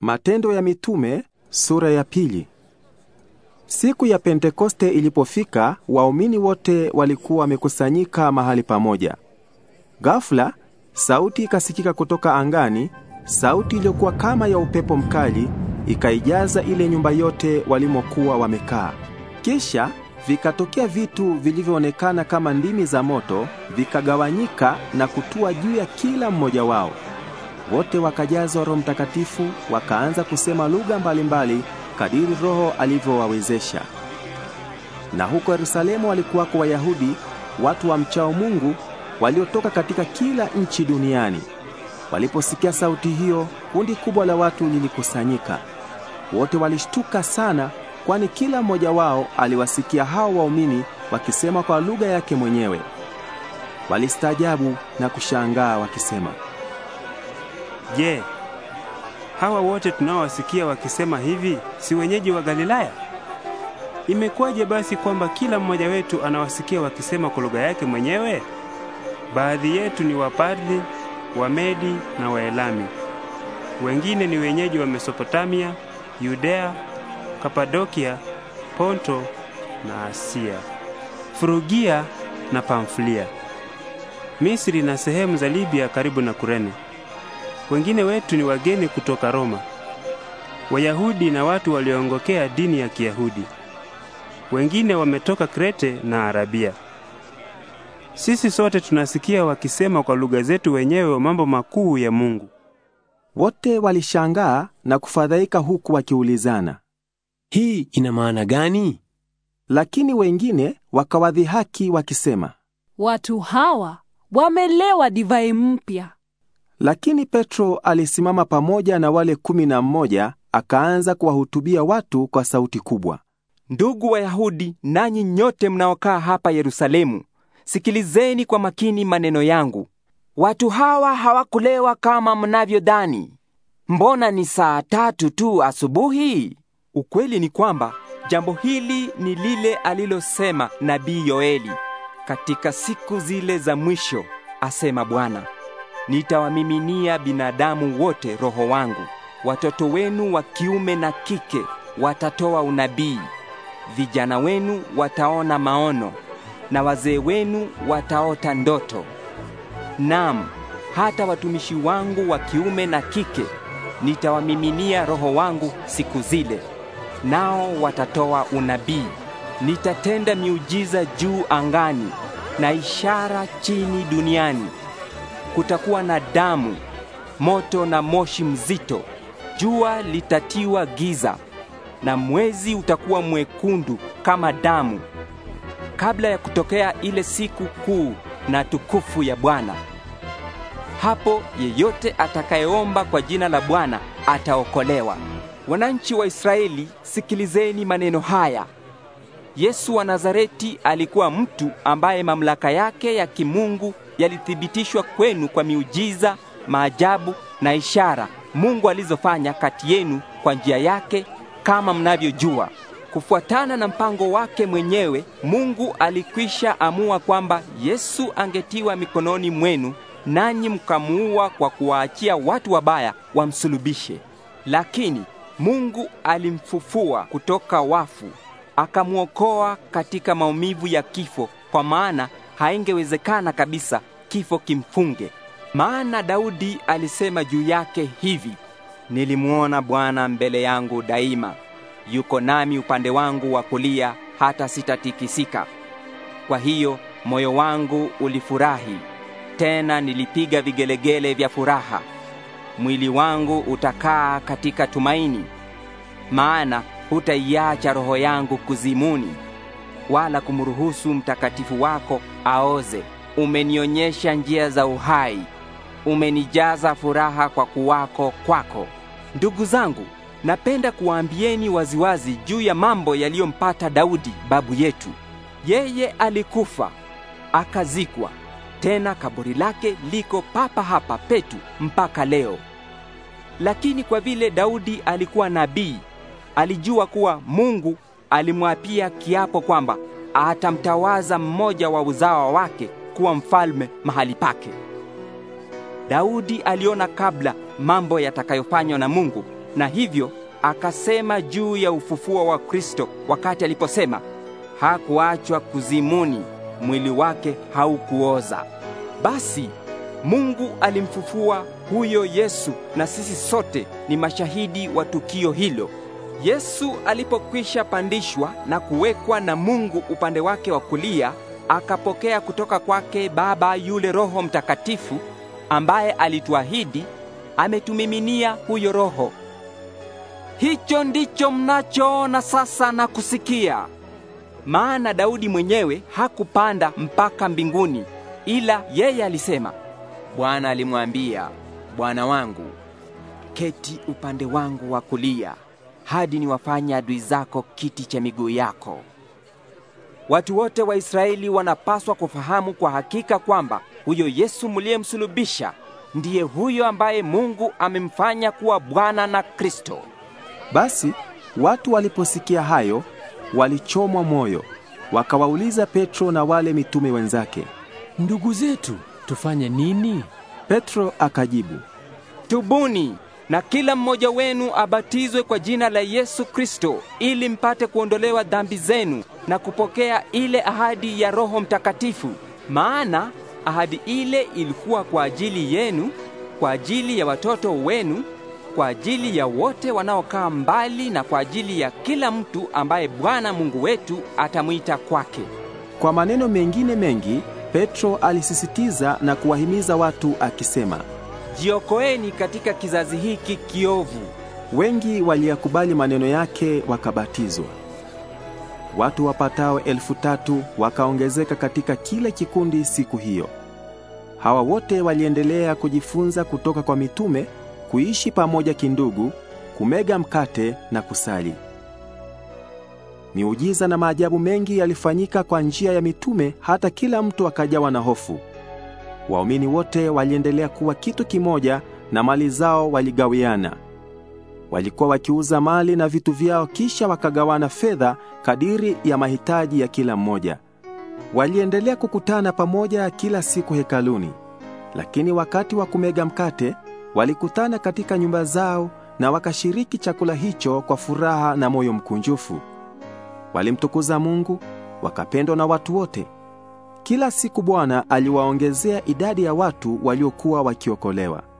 Matendo ya Mitume sura ya pili. Siku ya Pentekoste ilipofika, waumini wote walikuwa wamekusanyika mahali pamoja. Ghafla sauti ikasikika kutoka angani, sauti iliyokuwa kama ya upepo mkali, ikaijaza ile nyumba yote walimokuwa wamekaa. Kisha vikatokea vitu vilivyoonekana kama ndimi za moto, vikagawanyika na kutua juu ya kila mmoja wao wote wakajazwa Roho Mtakatifu, wakaanza kusema lugha mbalimbali kadiri Roho alivyowawezesha. Na huko Yerusalemu walikuwako Wayahudi, watu wa mchao Mungu, waliotoka katika kila nchi duniani. Waliposikia sauti hiyo, kundi kubwa la watu lilikusanyika. Wote walishtuka sana, kwani kila mmoja wao aliwasikia hao waumini wakisema kwa lugha yake mwenyewe. Walistaajabu na kushangaa wakisema Je, hawa wote tunaowasikia wakisema hivi si wenyeji wa Galilaya? Imekuwaje basi kwamba kila mmoja wetu anawasikia wakisema kwa lugha yake mwenyewe? Baadhi yetu ni Wapardi, Wamedi na Waelami, wengine ni wenyeji wa Mesopotamia, Yudea, Kapadokia, Ponto na Asia, Frugia na Pamfilia, Misri na sehemu za Libya karibu na Kurene. Wengine wetu ni wageni kutoka Roma, Wayahudi na watu walioongokea dini ya Kiyahudi. Wengine wametoka Krete na Arabia. Sisi sote tunasikia wakisema kwa lugha zetu wenyewe mambo makuu ya Mungu. Wote walishangaa na kufadhaika huku wakiulizana, hii ina maana gani? Lakini wengine wakawadhihaki wakisema, watu hawa wamelewa divai mpya lakini Petro alisimama pamoja na wale kumi na mmoja akaanza kuwahutubia watu kwa sauti kubwa. Ndugu Wayahudi, nanyi nyote mnaokaa hapa Yerusalemu, sikilizeni kwa makini maneno yangu. Watu hawa hawakulewa kama mnavyodhani. Mbona ni saa tatu tu asubuhi? Ukweli ni kwamba jambo hili ni lile alilosema nabii Yoeli, katika siku zile za mwisho, asema Bwana, Nitawamiminia binadamu wote roho wangu. Watoto wenu wa kiume na kike watatoa unabii, vijana wenu wataona maono, na wazee wenu wataota ndoto. Naam, hata watumishi wangu wa kiume na kike nitawamiminia roho wangu siku zile, nao watatoa unabii. Nitatenda miujiza juu angani na ishara chini duniani kutakuwa na damu, moto na moshi mzito. Jua litatiwa giza na mwezi utakuwa mwekundu kama damu, kabla ya kutokea ile siku kuu na tukufu ya Bwana. Hapo yeyote atakayeomba kwa jina la Bwana ataokolewa. Wananchi wa Israeli, sikilizeni maneno haya. Yesu wa Nazareti alikuwa mtu ambaye mamlaka yake ya kimungu yalithibitishwa kwenu kwa miujiza, maajabu na ishara Mungu alizofanya kati yenu kwa njia yake, kama mnavyojua. Kufuatana na mpango wake mwenyewe, Mungu alikwisha amua kwamba Yesu angetiwa mikononi mwenu, nanyi mkamuua kwa kuwaachia watu wabaya wamsulubishe. Lakini Mungu alimfufua kutoka wafu, akamwokoa katika maumivu ya kifo, kwa maana haingewezekana kabisa kifo kimfunge. Maana Daudi alisema juu yake hivi: nilimwona Bwana mbele yangu daima, yuko nami upande wangu wa kulia, hata sitatikisika. Kwa hiyo moyo wangu ulifurahi, tena nilipiga vigelegele vya furaha. Mwili wangu utakaa katika tumaini, maana hutaiacha roho yangu kuzimuni wala kumruhusu mtakatifu wako aoze. Umenionyesha njia za uhai, umenijaza furaha kwa kuwako kwako. Ndugu zangu, napenda kuwaambieni waziwazi juu ya mambo yaliyompata Daudi babu yetu. Yeye alikufa akazikwa, tena kaburi lake liko papa hapa petu mpaka leo. Lakini kwa vile Daudi alikuwa nabii, alijua kuwa Mungu alimwapia kiapo kwamba atamtawaza mmoja wa uzawa wake kuwa mfalme mahali pake. Daudi aliona kabla mambo yatakayofanywa na Mungu, na hivyo akasema juu ya ufufuo wa Kristo wakati aliposema, hakuachwa kuzimuni, mwili wake haukuoza. Basi Mungu alimfufua huyo Yesu, na sisi sote ni mashahidi wa tukio hilo. Yesu alipokwisha pandishwa na kuwekwa na Mungu upande wake wa kulia, akapokea kutoka kwake Baba yule Roho Mtakatifu ambaye alituahidi, ametumiminia huyo Roho. Hicho ndicho mnachoona sasa na kusikia. Maana Daudi mwenyewe hakupanda mpaka mbinguni, ila yeye alisema, Bwana alimwambia Bwana wangu, keti upande wangu wa kulia hadi niwafanye adui zako kiti cha miguu yako. Watu wote wa Israeli wanapaswa kufahamu kwa hakika kwamba huyo Yesu mliyemsulubisha ndiye huyo ambaye Mungu amemfanya kuwa Bwana na Kristo. Basi watu waliposikia hayo walichomwa moyo, wakawauliza Petro na wale mitume wenzake, ndugu zetu, tufanye nini? Petro akajibu, tubuni na kila mmoja wenu abatizwe kwa jina la Yesu Kristo ili mpate kuondolewa dhambi zenu na kupokea ile ahadi ya Roho Mtakatifu. Maana ahadi ile ilikuwa kwa ajili yenu, kwa ajili ya watoto wenu, kwa ajili ya wote wanaokaa mbali na kwa ajili ya kila mtu ambaye Bwana Mungu wetu atamwita kwake. Kwa maneno mengine mengi, Petro alisisitiza na kuwahimiza watu akisema: Jiokoeni katika kizazi hiki kiovu. Wengi waliyakubali maneno yake wakabatizwa. Watu wapatao elfu tatu wakaongezeka katika kile kikundi siku hiyo. Hawa wote waliendelea kujifunza kutoka kwa mitume, kuishi pamoja kindugu, kumega mkate na kusali. Miujiza na maajabu mengi yalifanyika kwa njia ya mitume hata kila mtu akajawa na hofu. Waumini wote waliendelea kuwa kitu kimoja na mali zao waligawiana. Walikuwa wakiuza mali na vitu vyao, kisha wakagawana fedha kadiri ya mahitaji ya kila mmoja. Waliendelea kukutana pamoja kila siku hekaluni, lakini wakati wa kumega mkate walikutana katika nyumba zao na wakashiriki chakula hicho kwa furaha na moyo mkunjufu. Walimtukuza Mungu, wakapendwa na watu wote, kila siku Bwana aliwaongezea idadi ya watu waliokuwa wakiokolewa.